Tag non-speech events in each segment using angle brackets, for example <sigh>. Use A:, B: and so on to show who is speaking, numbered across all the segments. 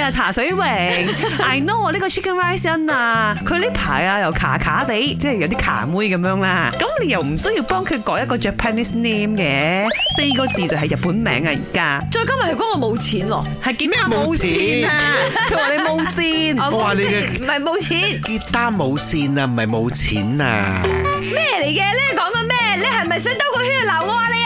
A: 啊，茶水榮，I know 我呢
B: 個 Chicken Rice Inn 啊，佢呢排啊又卡卡地，即係有啲卡妹咁樣啦。咁 <laughs> 你又唔需要幫佢改一個 Japanese name 嘅，四個字就係日本名啊而家。
A: 再今日，佢果我冇錢，係結咩啊？冇錢啊！佢話你冇錢，我話你嘅唔係冇錢，結他
C: 冇線啊，唔係冇錢啊？
A: 咩嚟嘅？你講緊咩？你係咪想兜個圈鬧我啊？你。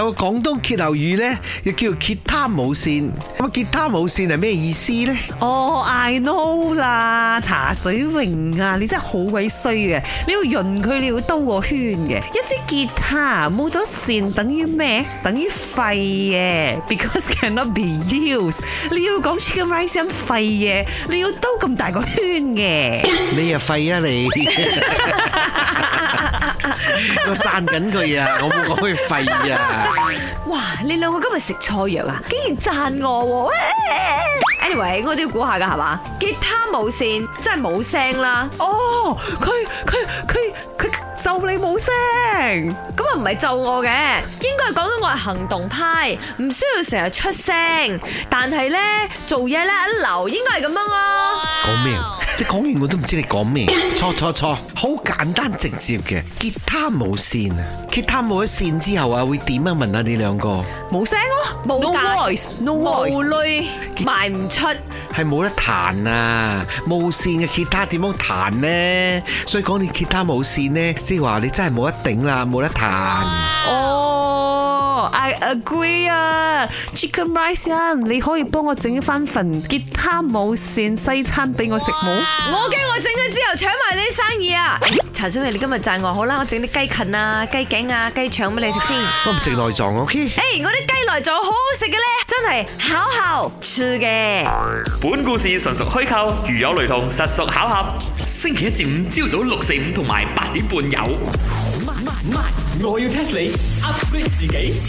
C: 有個廣東歇後
B: 語咧，又叫做「吉他冇線」。咁啊，吉他冇線係咩意思咧？哦，oh,I know 啦，茶水榮啊，你真係好鬼衰嘅。你要潤佢，你要兜個圈嘅。一支吉他冇咗線等於咩？等於廢嘅，because cannot be used 你。你要講 Chicken Rice 咁廢嘅，你要兜咁大個圈嘅。你
C: 又廢啊你！我讚緊佢啊！我唔可以廢呀！
A: 哇！你兩個今日食錯藥啊！竟然讚我喎！Anyway，我都要估下噶係嘛？吉他冇線真係冇聲啦！哦，佢佢佢佢咒你冇聲，咁啊唔係咒我嘅，應該係講到我係行動派，唔需要成日出聲，但係咧做嘢咧一流，應該係咁樣啊！
C: 講咩？你講完我都唔知你講咩，錯錯錯，好簡單直接嘅，吉他冇線啊，吉他冇咗線之後啊會點樣啊？問下你兩個，冇
A: 聲咯，冇 noise，冇雷賣唔出，
C: 係冇得彈啊，冇線嘅吉他點樣彈呢？所以講你吉他冇線呢，即係話你真係冇得頂啦，冇得彈。
B: Agree 啊，Chicken Rice 啊，你可以幫我整翻份吉他無線西餐俾我食冇
A: ？Wow. 我驚我整咗之後搶埋你啲生意啊！查小明，你今日讚我好啦，我整啲雞芹啊、雞頸啊、雞腸俾你食先。Wow.
C: 我唔食內臟，O K？誒
A: ，okay? hey, 我啲雞內臟好好食嘅咧，真係巧后脆嘅。
B: 本故事純屬虛構，如有雷同，實屬巧合。星期一至五朝早六四五同埋八點半有。Oh, my, my, my, my. 我要 test 你 upgrade 自己。